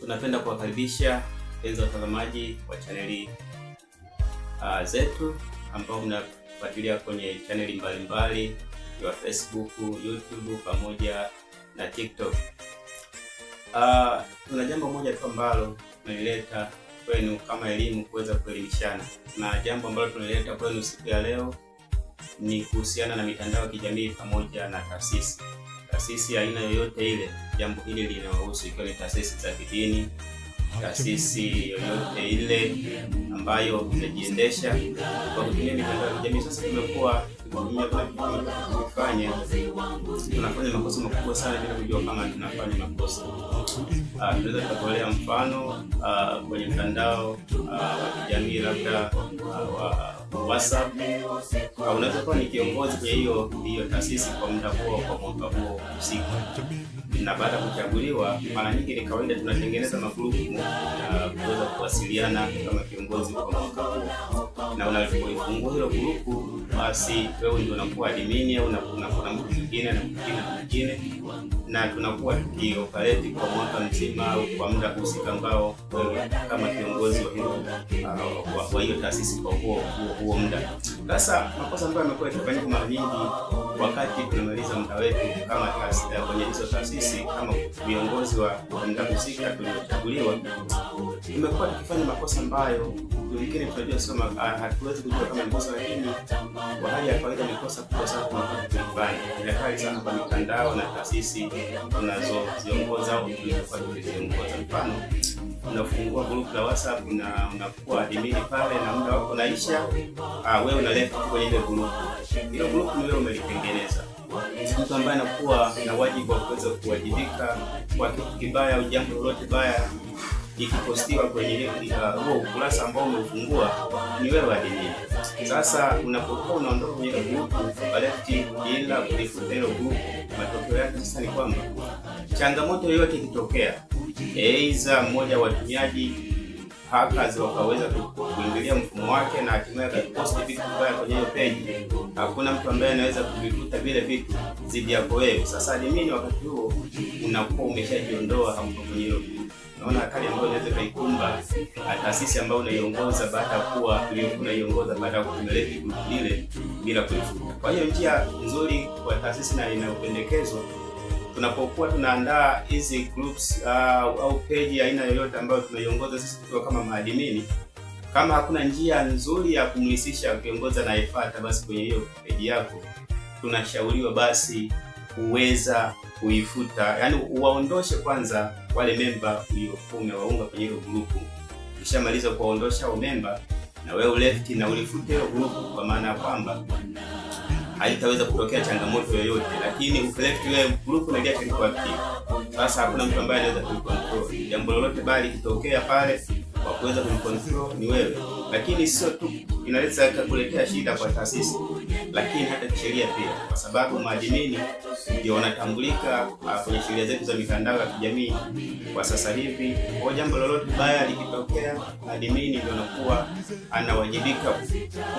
Tunapenda kuwakaribisha penzi watazamaji wa chaneli uh, zetu ambao mnafuatilia kwenye chaneli mbalimbali ya Facebook, YouTube pamoja na TikTok. Uh, ah, tuna jambo moja tu ambalo tunalileta kwenu kama elimu, kuweza kuelimishana, na jambo ambalo tunalileta kwenu siku ya leo ni kuhusiana na mitandao ya kijamii pamoja na taasisi taasisi aina yoyote ile, jambo hili linawahusu, ikiwa ni taasisi za kidini, taasisi yoyote ile ambayo inajiendesha kwa kutumia mitandao ya kijamii. Sasa imekuwa kufanya tunafanya makosa makubwa sana bila kujua kama tunafanya makosa. Ah, tunaweza tukatolea mfano ah, kwenye mtandao ah, wa kijamii, labda wa WhatsApp. Unaweza kuwa ni kiongozi kwenye hiyo hiyo taasisi kwa muda huo, kwa mwaka huo usiku. na baada ya kuchaguliwa, mara nyingi ni kawaida tunatengeneza magrupu na kuweza kuwasiliana kama kiongozi kwa mwaka huo, na unapoifungua hilo grupu basi wewe ndio unakuwa admin au na mtu mwingine na mwingine na mwingine na tunakuwa tukiopareti kwa mwaka mzima au kwa muda husika ambao wewe kama kiongozi wa hiyo uh, hiyo taasisi kwa huo huo huo muda. Sasa makosa ambayo yamekuwa yakifanyika mara nyingi wakati tunamaliza muda wetu kama taasisi eh, kwenye hizo taasisi kama viongozi wa muda husika tuliochaguliwa, tumekuwa tukifanya makosa ambayo wengine tunajua sio, ah, hatuwezi kujua kama ni kosa, lakini kwa hali ya kawaida ni kosa kubwa sana kwa sana kwa mitandao na taasisi unazoziongoza au kuziongoza. Mfano, unafungua group la WhatsApp na unakuwa admin pale, na muda wako naisha, ah, wewe unaleta kwenye ile group. Ile group ni wewe umelitengeneza mtu ambaye anakuwa na wajibu wa kuweza kuwajibika kwa kitu kibaya au jambo lolote baya ikipostiwa kwenye huo ukurasa ambao umeufungua ni wewe admin. Sasa unapokuwa unaondoka kwenye ile grupu balafti bila kulifuta ile grupu, matokeo yake sasa ni kwamba changamoto yoyote ikitokea, aidha mmoja wa watumiaji hackers wakaweza kuingilia mfumo wake na hatimaye akaposti vitu vibaya kwenye hiyo page, hakuna mtu ambaye anaweza kuvikuta vile vitu zidi yako wewe. Sasa admin wakati huo unakuwa umeshajiondoa hapo kwenye hiyo naona hali ambayo inaweza kaikumba taasisi ambayo unaiongoza baada ya kuwa unaiongoza baada ya kumeleti ile bila kulifuta. Kwa hiyo njia nzuri kwa taasisi na inayopendekezwa tunapokuwa tunaandaa hizi groups uh, au page aina yoyote ambayo tunaiongoza sisi tukiwa kama maadimini kama hakuna njia nzuri ya kumlisisha kiongozi anayefuata, basi kwenye hiyo page yako tunashauriwa basi kuweza kuifuta, yani uwaondoshe kwanza wale memba uliokuwa umewaunga kwenye hiyo grupu. Ukishamaliza kuwaondosha hao memba, na wewe ulefti na ulifute hiyo grupu, kwa maana ya kwamba haitaweza kutokea changamoto yoyote, lakini ukilefti wewe grupu na gari kwa active, sasa hakuna mtu ambaye anaweza kukontrol jambo lolote, bali kitokea pale kwa kuweza kulicontrol ni wewe, lakini sio tu inaweza kuletea shida kwa taasisi lakini hata kisheria pia, kwa sababu maadimini ndio wanatambulika ah, kwenye sheria zetu za mitandao ya kijamii kwa sasa hivi. Kwa jambo lolote baya likitokea, maadimini ndio anakuwa anawajibika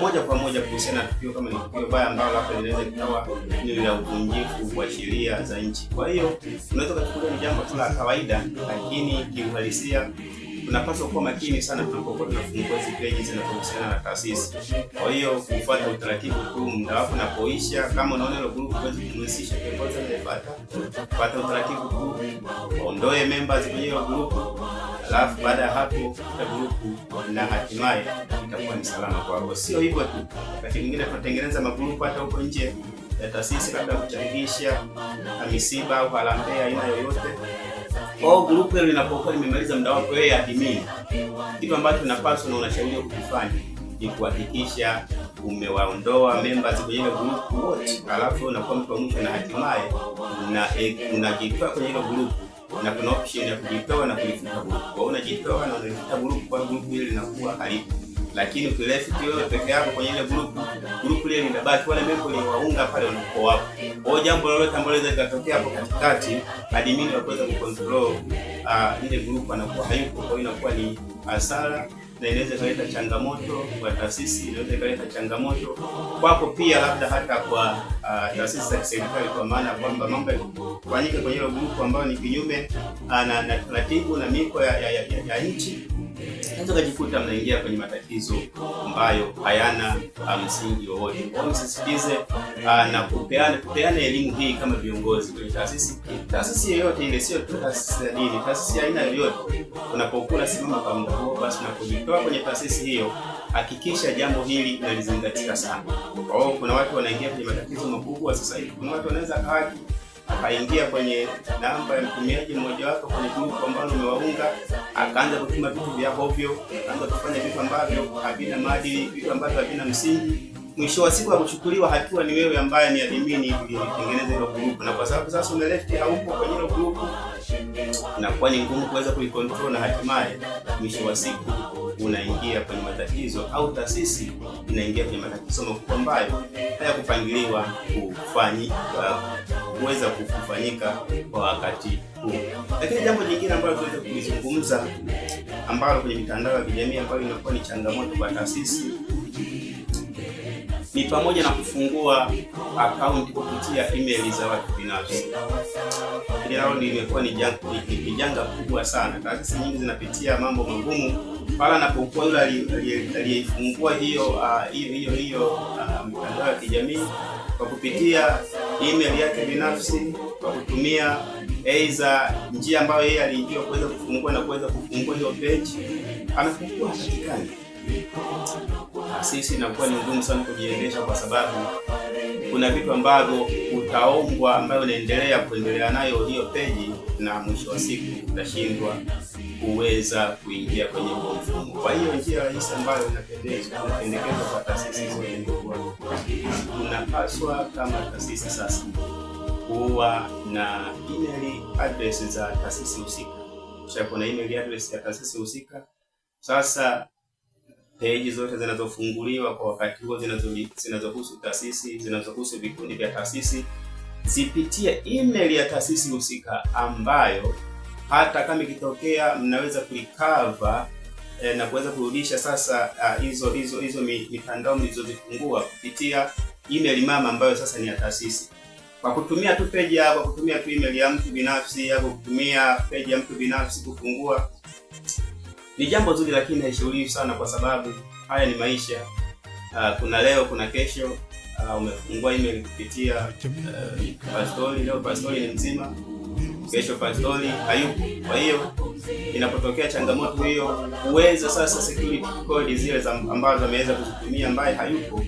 moja kwa moja kuhusiana na tukio, kama ni tukio baya ambalo labda linaweza likawa ni la uvunjifu wa sheria za nchi. Kwa hiyo unaweza kuchukulia ni jambo tu la kawaida, lakini kiuhalisia tunapaswa kuwa makini sana tunapokuwa tunafungua hizi peji zinazohusiana na taasisi. Kwa hiyo kufuata utaratibu tu, muda wako unapoisha, kama unaona hilo grupu huwezi kumhusisha kiongozi anayefuata, fuata utaratibu tu, waondoe members kwenye hilo grupu, alafu baada ya hapo ta grupu na hatimaye itakuwa ni salama kwako. Sio hivyo tu, wakati mwingine tunatengeneza magrupu hata huko nje ya taasisi, labda kuchangisha misiba au harambee aina yoyote. Kwa hiyo grupu hilo linapokuwa limemaliza muda wako, wewe admin, kitu ambacho unapaswa na unashauriwa kukifanya ni kuhakikisha umewaondoa members kwenye ile grupu wote, alafu unakuwa mtu wa mwisho, na hatimaye e, unajitoa kwenye ile grupu na kuna option ya kujitoa na kulifuta grupu. Kwa hiyo unajitoa na unalifuta grupu, kwa grupu ile linakuwa halipo lakini ukileft wewe peke yako kwenye ile group, group ile linabaki wale mambo ni waunga pale walipo wapo. Kwa jambo lolote ambalo linaweza kutokea hapo katikati, admin anaweza kucontrol uh, ile group anakuwa hayupo, kwa hiyo inakuwa ni hasara na inaweza kuleta changamoto kwa taasisi, inaweza kuleta changamoto kwako pia, labda hata kwa uh, taasisi za serikali, kwa maana kwamba mambo kufanyika kwenye ile group ambayo ni kinyume uh, na taratibu na, na miko ya, ya, ya, ya, ya nchi unaweza ukajikuta mnaingia kwenye matatizo ambayo hayana ah, msingi um, wowote. Kwa hiyo msisitize ah, na kupeana kupeana elimu hii kama viongozi kwenye taasisi taasisi yoyote ile, sio tu taasisi ya dini, taasisi aina yoyote. Unapokuwa simama pamoja, basi unapojitoa kwenye taasisi hiyo, hakikisha jambo hili linalizingatia sana. Kwa hiyo kuna watu wanaingia kwenye matatizo makubwa sasa hivi, kuna watu wanaweza kawaki akaingia kwenye namba ya mtumiaji mmoja wako kwenye grupu ambalo umewaunga, akaanza kutuma vitu vya hovyo, akaanza kufanya vitu ambavyo havina maadili, vitu ambavyo havina msingi. Mwisho wa siku akuchukuliwa hatua ni wewe ambaye ni admini ulitengeneza hilo grupu, na kwa sababu sasa ume left haupo kwenye hilo grupu, inakuwa ni ngumu kuweza kuikontrol, na hatimaye mwisho wa siku unaingia kwenye matatizo au taasisi inaingia kwenye matatizo makubwa ambayo hayakupangiliwa kufanyika. Uh, kuweza kufanyika kwa wakati huu. Lakini jambo jingine ambalo tuweza kulizungumza ambalo kwenye mitandao ya kijamii ambayo inakuwa ni changamoto kwa taasisi ni pamoja na kufungua akaunti kupitia email za watu binafsi. nalo limekuwa ni janga kubwa sana. Taasisi nyingi zinapitia mambo magumu pale anapokuwa yule aliyeifungua ah, hiyo hiyo hiyo ah, mitandao ya kijamii kwa kupitia email yake binafsi, kwa kutumia aidha njia ambayo yeye alijua kuweza kufungua na kuweza kufungua hiyo page, anafungua hapatikani, sisi inakuwa ni ngumu sana kujiendesha, kwa sababu kuna vitu ambavyo utaombwa ambayo unaendelea kuendelea nayo hiyo peji, na mwisho wa siku utashindwa kuweza kuingia kwenye huo mfumo. Kwa hiyo njia rahisi ambayo inapendekezwa kwa taasisi zote, unapaswa kama taasisi sasa kuwa na email address za taasisi husika. Kisha kuna email address ya taasisi husika. Sasa peji zote zinazofunguliwa kwa wakati huo zinazohusu taasisi, zinazohusu vikundi vya taasisi zipitie email ya taasisi husika ambayo hata kama ikitokea mnaweza kuikava eh, na kuweza kurudisha sasa hizo uh, ah, hizo hizo mitandao mlizozifungua kupitia email mama ambayo sasa ni ya taasisi kwa kutumia tu peji ya kwa kutumia tu email ya mtu binafsi au kutumia peji ya mtu binafsi kufungua, ni jambo zuri, lakini haishauriwi sana, kwa sababu haya ni maisha. Uh, kuna leo, kuna kesho. Uh, umefungua email kupitia uh, pastori leo, pastori ni mzima kesho pastori hayupo. Kwa hiyo inapotokea changamoto hiyo, uweza sasa security code zile ambazo ameweza kuzitumia ambaye hayupo,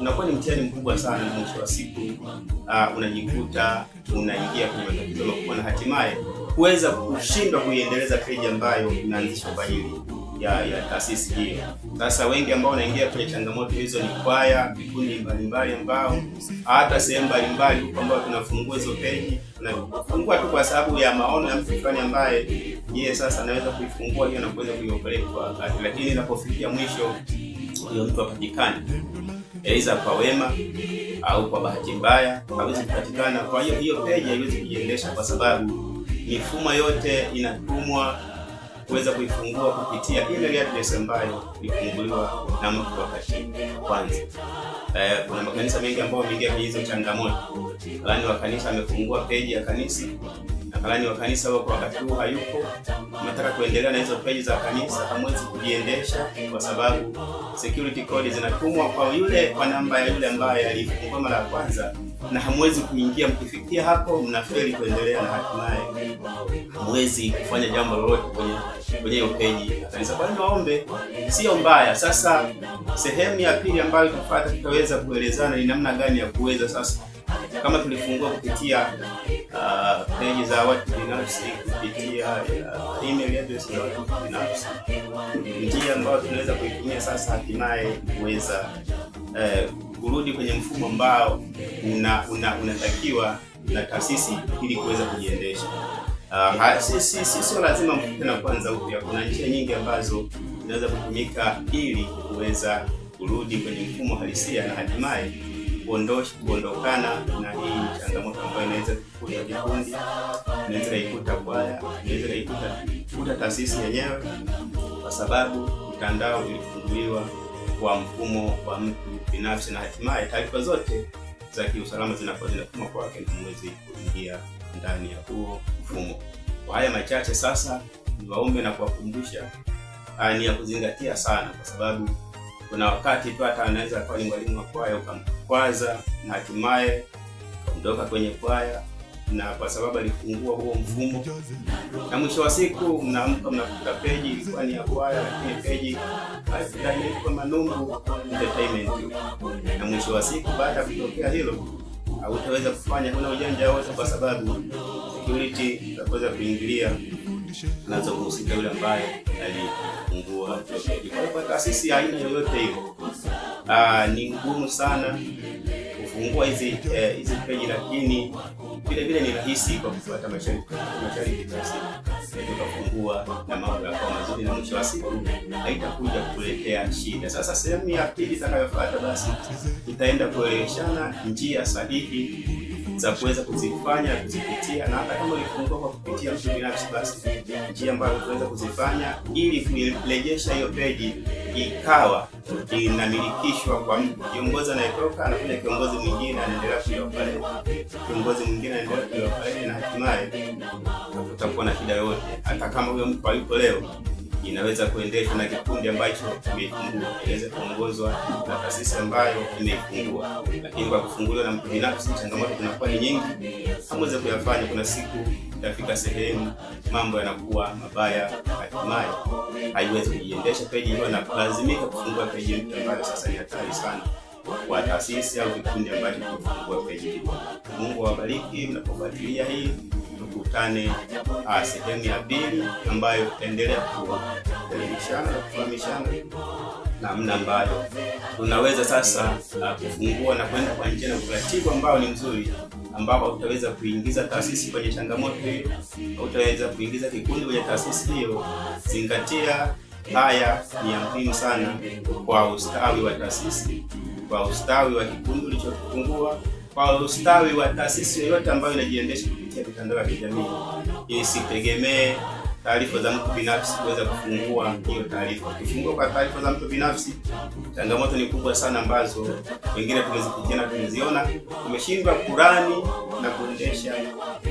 unakuwa ni mtihani mkubwa sana. Mwisho wa siku uh, unajikuta unaingia kwenye matatizo makubwa na hatimaye kuweza kushindwa kuiendeleza peji ambayo inaanzishwa kwa hili ya ya taasisi hiyo. Sasa wengi ambao wanaingia kwenye changamoto hizo ni kwaya, vikundi mbalimbali, ambao hata sehemu mbalimbali huko ambao tunafungua hizo peji, tunafungua tu kwa sababu ya maono ya mtu fulani ambaye yeye sasa anaweza kuifungua hiyo na kuweza kuiopeleka kwa wakati, lakini inapofikia mwisho huyo mtu apatikani aidha kwa wema au kwa bahati mbaya hawezi kupatikana. Kwa hiyo hiyo peji haiwezi kujiendesha kwa sababu mifumo yote inatumwa kuweza kuifungua kupitia ile readiness ambayo ilifunguliwa na mtu wakati kwanza. Eh, kuna makanisa mengi ambayo wameingia kwenye hizo changamoto. lakini wa kanisa amefungua peji ya kanisa Nadhani wa kanisa wako wakati huu hayupo, nataka kuendelea na hizo peji za kanisa, hamwezi kujiendesha kwa sababu security code zinatumwa kwa yule kwa namba ya yule ambaye alifungua mara ya kwanza, na hamwezi kuingia. Mkifikia hapo, mnafeli kuendelea na hatimaye hamwezi kufanya jambo lolote kwenye kwenye hiyo peji ya kanisa. Kwa hiyo niwaombe, sio mbaya. Sasa sehemu ya pili ambayo tutafuata, tutaweza kuelezana ni namna gani ya kuweza sasa kama tulifungua kupitia uh, peji za watu binafsi, kupitia uh, email address za watu binafsi, njia ambayo tunaweza kuitumia sasa hatimaye kuweza uh, kurudi kwenye mfumo ambao unatakiwa una, una na taasisi ili kuweza kujiendesha. Uh, sio si, si, si, lazima tena kwanza upya. Kuna njia nyingi ambazo zinaweza kutumika ili kuweza kurudi kwenye mfumo halisia na hatimaye kuondokana na hii changamoto ambayo inaweza kukuta vikundi, inaweza kaikuta kwaya, inaweza kaikuta taasisi yenyewe, kwa sababu mtandao ulifunguliwa kwa mfumo wa mtu binafsi, na hatimaye taarifa zote za kiusalama zinakuwa zinafuma kwake na mwezi kuingia ndani ya huo mfumo. Kwa haya machache sasa, niwaombe na kuwakumbusha ah, ni ya kuzingatia sana, kwa sababu kuna wakati tu hata anaweza kuwa ni mwalimu wa kwaya ukamkwaza na hatimaye ukamdoka kwenye kwaya, na kwa sababu alifungua huo mfumo, na mwisho wa siku mnaamka mnakuta peji ilikuwa ni ya kwaya, lakini peji kwa Manungu Entertainment. Na mwisho wa siku baada ya kutokea hilo, hautaweza kufanya, huna ujanja wote, kwa sababu security itaweza kuingilia na za yule ambaye alifungua Jokeli. Kwa hiyo taasisi haina yoyote hiyo, ah, ni ngumu sana kufungua hizi eh, hizi peji, lakini vile vile ni rahisi kwa kufuata mashariki mashariki, eh, tukafungua na mambo yakawa mazuri, na mwisho wa siku haitakuja kuletea shida. Sasa sehemu ya pili itakayofuata, basi itaenda kueleweshana njia sahihi za kuweza kuzifanya na kuzipitia, na hata kama ulifungua kwa kupitia mtu binafsi, basi njia ambayo kuweza kuzifanya ili kuirejesha hiyo peji ikawa inamilikishwa kwa mtu. Kiongozi anayetoka anakuja, kiongozi mwingine anaendelea pale, kiongozi mwingine anaendelea pale, na hatimaye hakutakuwa na shida yoyote, hata kama huyo mtu alipo leo inaweza kuendeshwa na kikundi ambacho kimefungua, inaweza kuongozwa na taasisi ambayo imefungua. Lakini kwa kufunguliwa na mtu binafsi, changamoto zinakuwa ni nyingi, hamweze kuyafanya. Kuna siku itafika sehemu mambo yanakuwa mabaya, hatimaye haiwezi kujiendesha peji hiyo na kulazimika kufungua peji mpya, ambayo sasa ni hatari sana kwa taasisi au kikundi ambacho kimefungua peji hiyo. Mungu awabariki mnapofuatilia hii tukutane ah, sehemu ya pili ambayo tutaendelea kuelimishana na kufahamishana namna ambayo tunaweza sasa ah, kufungua na kwenda kwa njia na utaratibu ambao ni mzuri, ambapo utaweza kuingiza taasisi kwenye changamoto hiyo, utaweza kuingiza kikundi kwenye taasisi hiyo. Zingatia haya ni ya muhimu sana kwa ustawi wa taasisi, kwa ustawi wa kikundi ulichokifungua, kwa ustawi wa taasisi yoyote ambayo inajiendesha kupitia mitandao ya kijamii ili sitegemee taarifa za mtu binafsi kuweza kufungua hiyo taarifa. Kufungua kwa taarifa za mtu binafsi, changamoto ni kubwa sana ambazo wengine tumezipitia na tumeziona. Tumeshindwa kurani na kuendesha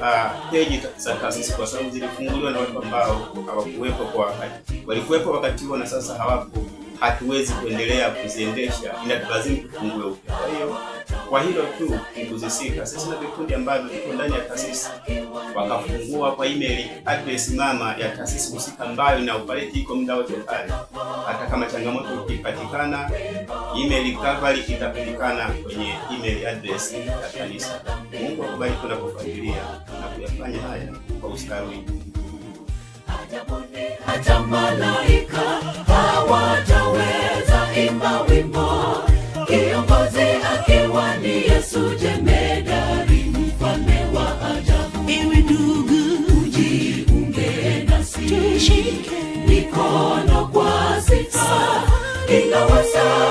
uh, ah, peji za taasisi kwa sababu zilifunguliwa na watu ambao hawakuwepo kwa wakati, walikuwepo wakati huo na sasa hawapo. Hatuwezi kuendelea kuziendesha, ila tulazimu tufungue upya. Kwa hiyo kwa hilo tu nikuzisika, sisi na vikundi ambavyo viko ndani ya taasisi wakafungua kwa email address mama ya taasisi husika ambayo na upareti iko muda wote pale. Hata kama changamoto ikipatikana, email cover itapatikana kwenye email address ya kanisa. Mungu akubariki tunapofuatilia na kuyafanya haya kwa ustawi. Hata malaika hawajaweza imba wimbo ni Yesu jemedari, mfalme wa ajabu. Ewe ndugu, ujiunge nasi, tushike mikono kwa sita, inaweza